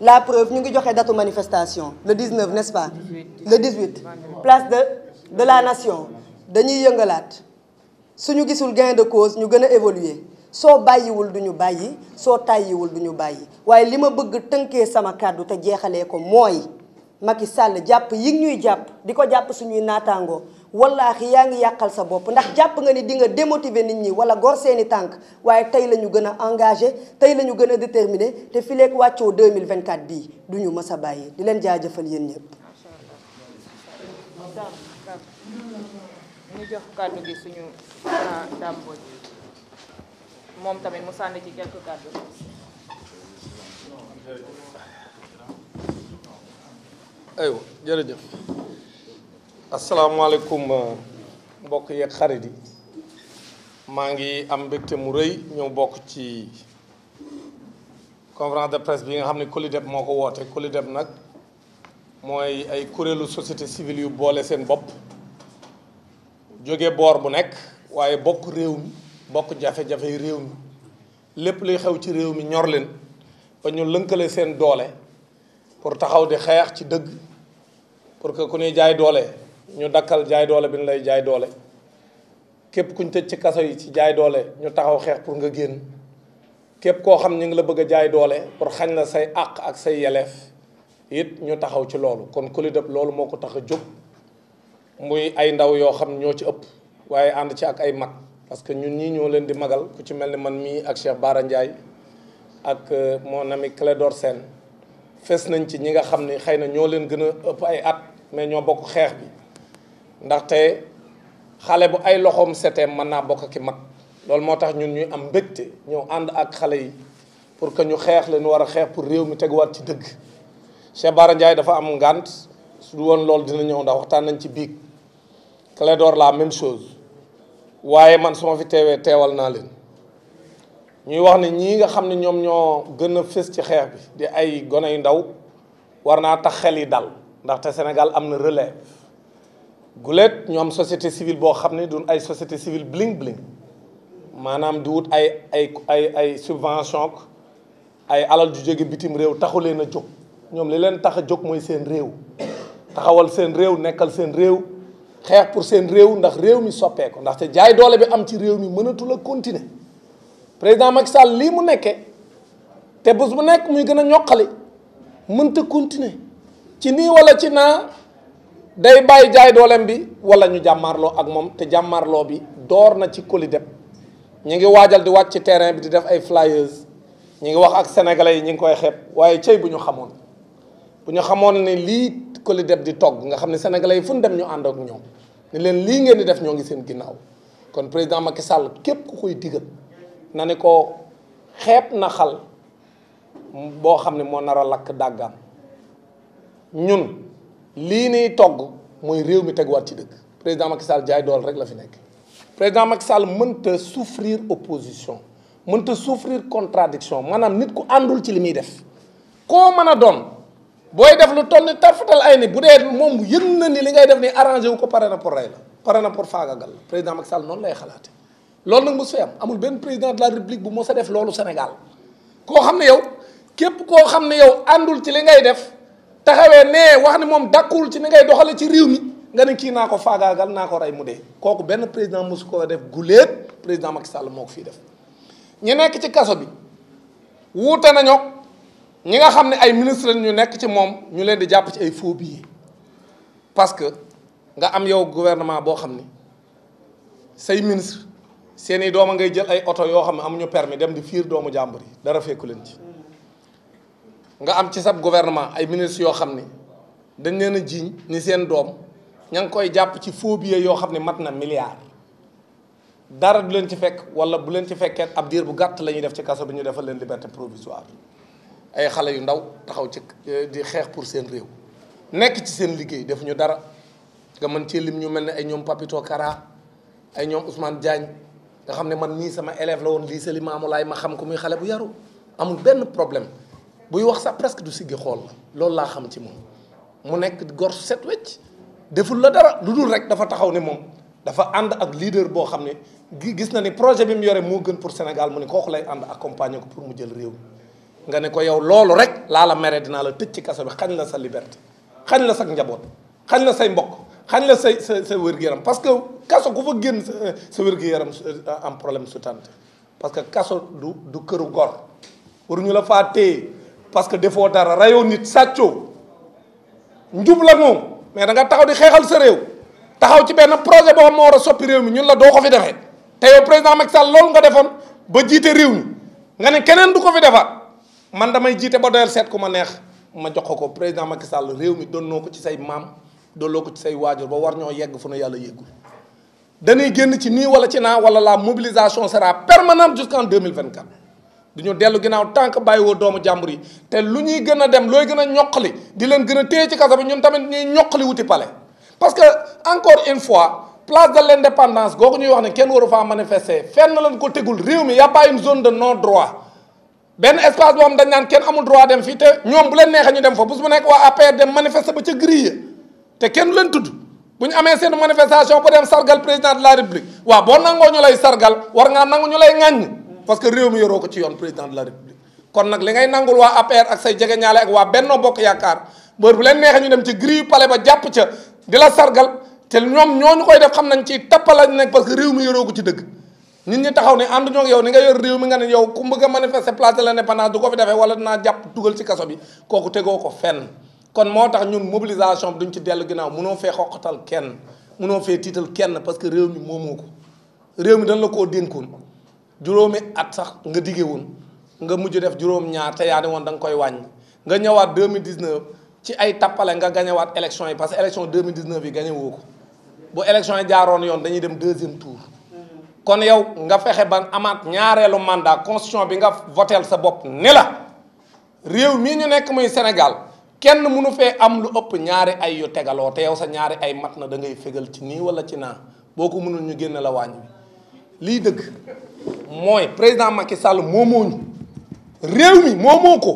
la preuve ñu ngi joxe datu manifestation le 19 n'est-ce pas le 18 place de de la nation dañuy yëngalaat suñu gisul gain de cause ñu gën a évoluer soo bàyyiwul ñu bàyyi soo tàyyiwul ñu bàyyi waaye li ma bëgg tënkee sama kàddu te jeexalee ko mooy Macky Sall jàpp yi ñuy jàpp di ko jàpp suñuy naataangoo wallaahi yaa ngi yàqal sa bopp ndax jàpp nga ni dinga nga démotiver nit ñi wala gor seeni tànk waaye tey la ñu gën a engagé tey lañu ñu gën a déterminé te fileeg wàccoo 2024 bii du duñu mës a bàyyi di leen jaajëfal yéen ñëpp. ñu ah, tamit mu ci quelques kàddu. asalaamaaleykum uh, mbokk yeeg xarit yi maa ngi am mbégte mu rëy ñëw bokk ci conférence de presse bi nga xam ne COLIDEP moo ko woote COLIDEP nag mooy ay kuréelu société civile yu boole seen bopp jóge boor bu nekk waaye bokk réew mi bokk jafe-jafe réew mi lépp luy xew ci réew mi ñor leen ba ñu lënkale seen doole pour taxaw di xeex ci dëgg pour que ku ñuy jaay doole. ñu dakkal jaay doole bi ñu lay jaay doole képp kuñ tëj ci kaso yi ci jaay doole ñu taxaw xeex pour nga génn képp koo xam ñu ngi la bëgg a jaay doole pour xañ la say àq ak say yeleef it ñu taxaw ci loolu kon Kolideb loolu moo ko tax a jóg muy ay ndaw yoo xam ñoo ci ëpp waaye ànd ci ak ay mag parce que ñun ñii ñoo leen di magal ku ci mel ni man mii ak Cheikh Bara Ndiaye ak euh, mon ami Clédor Sène fes nañ ci ñi nga xam ni xëy na ñoo leen gën a ëpp ay at mais ñoo bokk xeex ndaxte xale bu ay loxoom setee mën naa bokk ki mag loolu moo tax ñun ñuy am mbégte ñëw ànd ak xale yi pour que ñu xeex nu war a xeex pour réew mi teguwaat ci dëgg Cheikh Bara Ndiaye dafa am ngànt su woon loolu dina ñëw ndax waxtaan nañ ci biig Clédor la même chose waaye man su ma fi teewee teewal naa leen ñuy wax ne ñii nga xam ne ñoom ñoo gën a fës ci xeex bi di ay gone yu ndaw war naa tax xel yi dal ndaxte Sénégal am na relève gulet ñoom société civile boo xam ne duñ ay société civile bling bling maanaam di wut ay ay ay ay subvention ay alal ju jóge bitim réew taxu leen a jóg ñoom li leen tax a jóg mooy seen réew taxawal seen réew nekkal seen réew xeex pour seen réew ndax réew mi soppee ko ndaxte jaay doole bi am ci réew mi mënatul a continuer président mag Sall lii mu nekkee te bés bu nekk muy gën a ñoqali mënta continuer ci nii wala ci naa day bàyyi jaay dooleem bi wala ñu jàmmaarloo ak moom te jàmmarloo bi door na ci COLIDEP ñu ngi waajal di wàcc ci terrain bi di def ay flyers ñu ngi wax ak sénégalais yi ñu ngi koy xeeb waaye cëy bu ñu xamoon bu ñu xamoon ne lii COLIDEP di togg nga xam ne sénégalais yi fu nu dem ñu ànd ak ñoom ne leen lii ngeen di def ñoo ngi seen ginnaaw kon président Macky sàll képp ku koy digal na ne ko xeeb na xal boo xam ne moo nara lakk dàggaam ñun. lii nii togg mooy réew mi teguwaat ci dëgg président Macky Sall jaay dool rek la fi nekk président Macky Sall mënta souffrir opposition mënta souffrir contradiction maanaam nit ku àndul ci li muy def koo mën a doon booy def lu toll ni tarfatal ay ni bu dee moom yëg na ni li ngay def ni arrangé wu ko pare na pour rey la pare na pour faagagal la président Macky noon lay xalaate loolu nag mos fi am amul benn président de la république bu mos a def loolu Sénégal koo xam ne yow képp koo xam ne yow àndul ci li ngay def taxawee nee wax ne moom dàkkul ci ni ngay doxale ci réew mi nga ne kii naa ko faagaagal naa ko rey mu dee kooku benn président mosu ko def guléet président Macky sàll moo ko fii def ñu nekk ci kaso bi wuute nañoo ñi nga xam ne ay ministre ñu nekk ci moom ñu leen di jàpp ci ay faux billets parce que nga am yow gouvernement boo xam ni say ministre seen i doom a ngay jël ay oto yoo xam ne amuñu permis dem di fiir doomu jàmbur yi dara fekku leen ci nga am ci sab gouvernement ay ministres yoo xam ni dañ leen a jiiñ ni seen doom ña ngi koy jàpp ci faux yoo xam ne mat na milliard dara du leen ci fekk wala bu leen ci fekkee ab diir bu gàtt la ñuy def ci kaso bi ñu defal leen liberté provisoire ay xale yu ndaw taxaw ci euh, di xeex pour seen réew nekk ci seen liggéey def ñu dara nga mën ci lim ñu mel ni ay ñoom Papito Kara ay ñoom Ousmane Diagne nga xam ne man nii sama élève la woon lycée Limamoulaye ma xam ko muy xale bu yaru amul benn problème buy wax sax presque du siggi xool la loolu laa xam ci moom mu nekk gor set wecc deful la dara lu dul rek dafa taxaw ne moom dafa ànd ak leader boo xam ne gis na ni projet bi mu yore moo gën pour Sénégal mu ne kooku lay ànd accompagner ko pour mu jël réew mi nga ne ko yow loolu rek laa la mere dinaa la tëj ci kaso bi xañ la sa liberté xañ la sa njaboot xañ la say mbokk xañ la say sa sa wér-gu-yaram parce que kaso ku fa génn sa wér-gu-yaram am problème su tante parce que kaso du du këru gor waruñu la faa téye parce que defoo dara rayoo nit sàccoo njub la moom mais da nga taxaw di xeexal sa réew taxaw ci benn projet boo ma war a soppi réew mi ñun la doo ko fi defee te yow président Macky loolu nga defoon ba jiite réew mi nga ne keneen du ko fi defaat man damay jiite ba doyal seet ku ma neex ma jox ko ko président Macky Sall réew mi donnoo ko ci say maam dolloo ko ci say waajur ba war ñoo yegg fu na yàlla yeggul dañuy génn ci nii wala ci naa wala la mobilisation sera permanente jusqu'en 2024 duñu dellu ginnaaw tànk bàyyiwoo doomu jàmbur yi te lu ñuy gën a dem looy gën a ñoqali di leen gën a téye ci kasa bi ñun tamit ñuy ñoqali wuti palais parce que encore une fois place de l'indépendance googu ñuy wax ne kenn waru faa manifester fenn lañ ko tegul réew mi y a pas zone de non droit benn espace boo xam dañ naan kenn amul droit dem fii te ñoom bu leen neexee ñu dem fa bés bu nekk waa APR dem manifester ba ca grille te kenn leen tudd bu ñu amee seen manifestation ba dem sargal président de la république waaw boo nangoo ñu lay sargal war ngaa nangu ñu lay ŋàññ parce que réew mi yoroo ko ci yoon président de la république kon nag li ngay nangul waa APR ak say jegeñaale ak waa Benno Bokk Yaakaar bër bu leen neexee ñu dem ci grille palais ba jàpp ca di la sargal te ñoom ñoo ñu koy def xam nañ ci tappalañ nekk parce que réew mi yoroo ko ci dëgg nit ñu taxaw ne ànd ñoo yow ni nga yor réew mi nga ne yow ku bëgg a manifester place de l'indépendance du ko fi defee wala dinaa jàpp dugal ci kaso bi kooku tegoo ko fenn kon moo tax ñun mobilisation bi duñ ci dellu ginnaaw mënoo fee xoqatal kenn mënoo fee tiital kenn parce que réew mi moomoo ko réew mi dañ la koo dénkoon juróomi at sax nga diggee wun nga mujj def juróom-ñaar te yaa ne woon da nga koy wàññi nga ñëwaat 2019 ci ay tappale nga gañewaat élection yi parce que élection 2019 yi gañe woo ko bu élection yi jaaroon yoon dañuy dem deuxième tour. kon yow nga fexe ban amaat ñaareelu mandat constitution bi nga voteel sa bopp ne la réew mii ñu nekk muy Sénégal kenn mënu fee am lu ëpp ñaari ay yu tegaloo te yow sa ñaari ay mat na da ngay fégal ci nii wala ci naa boo ko mënul ñu génn la wàññi dëgg. mooy président Macky Sall moomooñu réew mi moomoo ko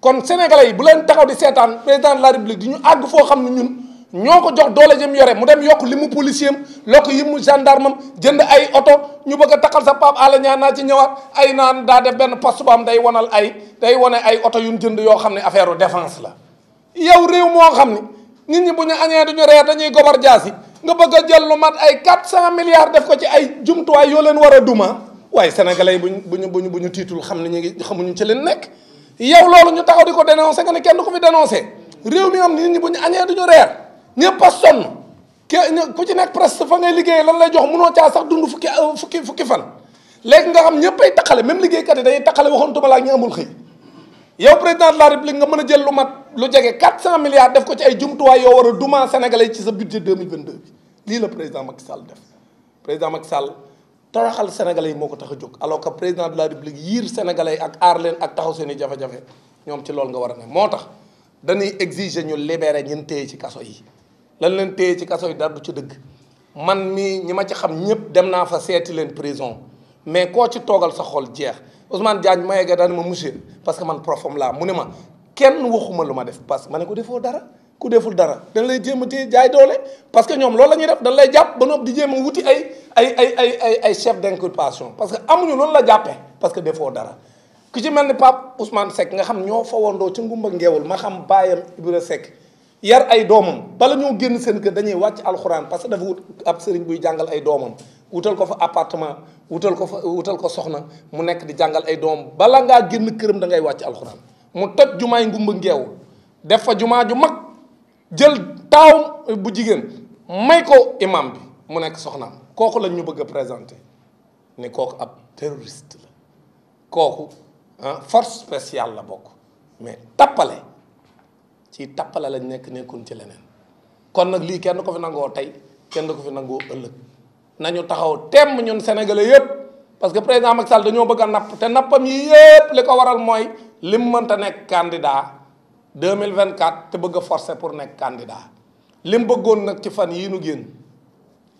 kon sénégalais yi bu leen taxaw di seetaan président de la république di ñu àgg foo xam ne ñun ñoo ko jox doole jëm yore mu dem yokk li mu policier am lokk yi mu gendarme am jënd ay oto ñu bëgg a taxal sa Pape Alé Niang naa ci ñëwaat ay naan daa def benn poste bu am day wanal ay day wane ay oto yu jënd yoo xam ne affaire défense la. yow réew moo xam ne nit ñi bu ñu añee du ñu reer dañuy gobar jaas yi nga bëgg jël lu mat ay 400 milliards def ko ci ay jumtuwaay yoo leen war a duma waaye sénégalais bu buñ buñu buñu bu ñu tiitul xam ne ñu ngi xamuñu ci leen nekk yow loolu ñu taxaw di ko dénoncé nga ne kenn du ko fi dénoncé réew mi am nit ñi bu ñu añee duñu reer ñëpp a sonn kenn ku ci nekk presque fa ngay liggéeyee lan lay jox munoo caa sax dund fukki euh, fukki fan léegi nga xam ñëpp ay taqale liggéey liggéeykat yi dañuy taqale waxoon tuma laa ñu amul xëy yow président de la république nga mën a jël lu mat lu jege cent milliards def ko ci ay jumtuwaay yoo war a dumaa sénégalais ci sa budget 2022 bi lii la président Macky Sall def toroxal sénégalais yi moo ko tax a jóg alors que président de la république yiir sénégalais yi ak aar leen ak taxaw seen i jafe-jafe ñoom ci loolu nga war a ne moo tax dañuy exige ñu libérer ñun téye ci kaso yi lan leen téye ci kaso yi dara du ci dëgg man mii ñi ma ci xam ñëpp dem naa fa seeti leen prison mais koo ci toogal sa xol jeex Ousmane Diagne ma yeggee daan ma monsieur parce que man profom laa mu ne ma kenn waxuma lu ma def parce que ma ne ko defoo dara ku deful dara dañ lay jéem a téye jaay doole parce que ñoom loolu la ñuy def dañ lay jàpp ba noppi di jéem a ay ay ay chef d'inculpation parce que amuñu loolu la jàppe parce que defoo dara ku ci mel ni pap Ousmane Seck nga xam ñoo fa wandoo ci ngumba ngeewul ma xam baayam Ibra sekk yar ay doomam bala ñoo génn seen kër dañuy wàcc alxuraan parce que dafa wut ab sëriñ buy jàngal ay doomam wutal ko fa appartement wutal ko fa wutal ko soxna mu nekk di jàngal ay doomam bala ngaa génn këram da ngay wàcc alxuraan mu toj jumaay ngumba ngeewul def fa jumaa ju mag jël taawam bu jigéen may ko imam bi mu nekk soxnaam kooku lañ ñu bëgg a présenté ni kooku ab terroriste la kooku ah force spéciale la bokk mais tappale ci tappale lañ nekk nekkuñ ci leneen kon nag lii kenn ko fi nangoo tey kenn ko fi nangoo ëllëg nañu taxaw temm ñun sénégalais yëpp parce que président Macky Sall dañoo bëgg a napp te nappam yi yëpp li ko waral mooy lim mënta nekk candidat 2024 te bëgg a pour nekk candidat lim bëggoon nag ci fan yii nu génn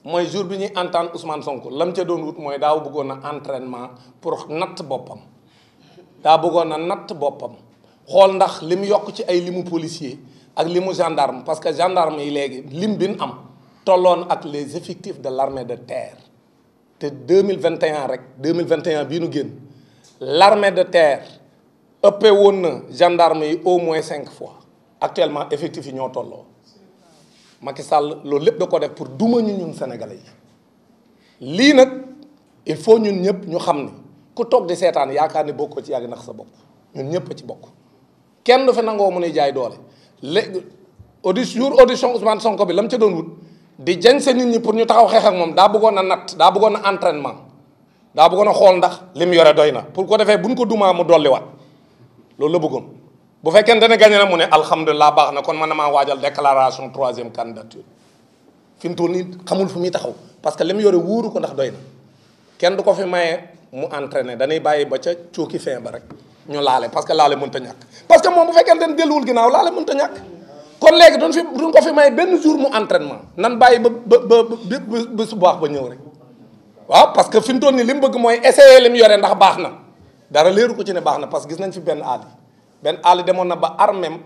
mooy jour bi ñuy entendre Ousmane Sonko lam ca doon wut mooy daaw bëggoon na entrainement pour natt boppam daa bëggoon na natt boppam xool ndax li mu yokk ci ay limu policier ak limu gendarme parce que gendarme yi léegi lim bi ñu am tolloon ak les effectifs de l'armée de terre te deux mille vingt 2021 rek deux vingt 2021 bii nu génn l'armée de terre ëppee woon na gendarme yi au moins cinq fois actuellement effectifs yi ñoo tolloo Macky sàll loolu lépp da ko def pour duma ñu ñun sénégalais yi lii nag il faut ñun ñëpp ñu xam ne ku toog di seetaan yaakaar ne bokkoo ci yàgg ndax sa bopp ñun ñëpp a ci bokk kenn du fi nangoo mun a jaay doole léegi audi jour audition Ousmane Sonko bi la mu ca doon wut di jañ sa nit ñi pour ñu taxaw xeex ak moom daa bëggoon a natt daa bëggoon na entrainement daa bëggoon a xool ndax li mu yore doy na pour ko defee bu buñ ko dumaa mu dolliwaat loolu la bëggoon bu fekkente ne gagné na mu ne alhamdulilah baax na kon man maa waajal déclaration troisième candidature fi mu toll nii xamul fu muy taxaw parce que li mu yore wóoru ko ndax doy na ko fi maye mu entraîné dañuy bàyyi ba ca cooki fin ba rek ñu laale parce que laale mënut a ñàkk. parce que moom bu fekkente ne delluwul ginnaaw laale mënut a ñàkk kon léegi duñ fi duñ ko fi bàyyi ba su baax ba ñëw rek waaw parce que fi mu toll nii li mu bëgg mooy essayer li yore ndax baax na dara leeru ko ci ne baax na parce que gis nañ fi benn aal. benn àll demoon na ba armem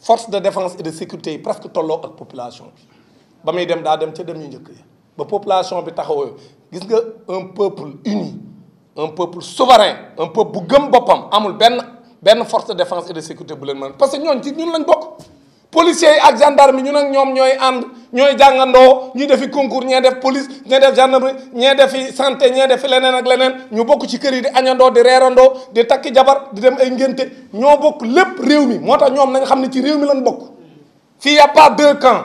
force de défense et de sécurité yi presque tolloo ak population bi ba muy dem daa dem ca dem ñu njëkk ya ba population bi taxawoo gis nga un peuple uni un peuple souverain un peuple bu gëm boppam amul benn benn force de défense et de sécurité bu leen mën parce que ñooñ ci ñun lañ bokk policiers yi ak gendarme ñu ñun ñoom ñooy ànd ñooy jàngandoo def fi concours ñee def police ñee def gendarmerie ñee def fi santé ñee defi leneen ak leneen ñu bokk ci kër yi di añandoo di reerandoo di takki jabar di dem ay ngénte ñoo bokk lépp réew mi moo tax ñoom nañ xam ne ci réew mi lañ bokk fii y a pas deux camps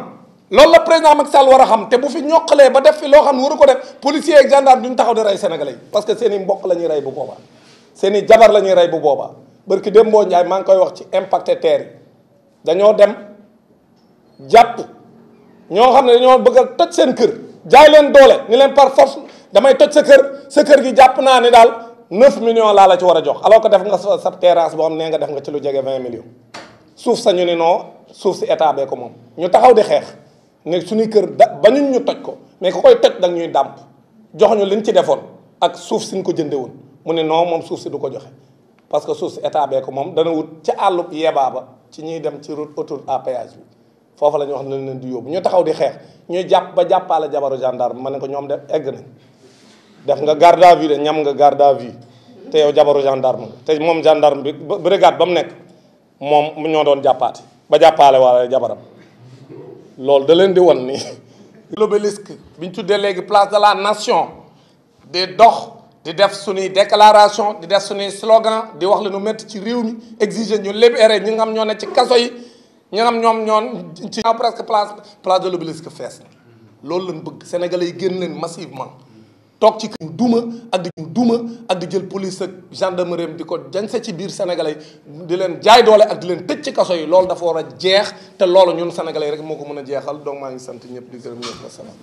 loolu la président Macky Sall war a xam te bu fi ñoqalee ba def fi loo xam ne waru ko def policier ak gendarme duñ taxaw di rey sénégalais yi parce que seen i mbokk la ñuy rey bu boobaa seen jabar la ñuy rey bu boobaa barki Dembo Ndiaye maa ngi koy wax ci impacté terre dañoo dem jàpp ñoo xam ne dañoo bëgg toj seen kër jaay leen doole ni leen par force damay toj sa kër sa kër gi jàpp naa ni daal 9 millions laa la ci war a jox aloo que def nga sa sa terrasse boo xam ne nga def nga ci lu jege 20 millions suuf sa ñu ni noo suuf si état bee ko moom ñu taxaw di xeex ne suñuy kër da bañuñ ñu toj ko mais ku koy toj da ñuy dàmp jox ñu liñ ci defoon ak suuf si ñu ko jënde woon mu ne non moom suuf si du ko joxe parce que suuf si état bee ko moom dana wut ci àllub yebaa ba ci dem ci route autour à bi foofa la ñu wax ne leen di yóbbu ñu taxaw di xeex ñuy jàpp ba jàppaale jabaru gendarme ma ne ko ñoom de egg nañ def nga garde à vue de ñam nga garde à vue te yow jabaru gendarme te moom gendarme bi brigade ba mu nekk moom mu ñoo doon jàppaate ba jàppaale waale jabaram loolu da leen di wan ni l'obélisque bi ñu tuddee léegi place de la nation di dox di def suñuy déclaration di def suñuy slogan di wax la nu métti ci réew mi exiger ñu libérer ñi nga xam ñoo ne ci kaso yi ñu ne ñoom ñoon ci presque place place de l'Obélisque fees na loolu lañ bëgg sénégalais yi génn leen massivement toog ci kër duma ak di duma ak di jël police ak gendarmerie di ko jañse ci biir sénégalais di leen jaay doole ak di leen tëj ci kaso yi loolu dafa war a jeex te loolu ñun sénégalais yi rek moo ko mën a jeexal donc maa ngi sant ñëpp di gërëm ñëpp la salaam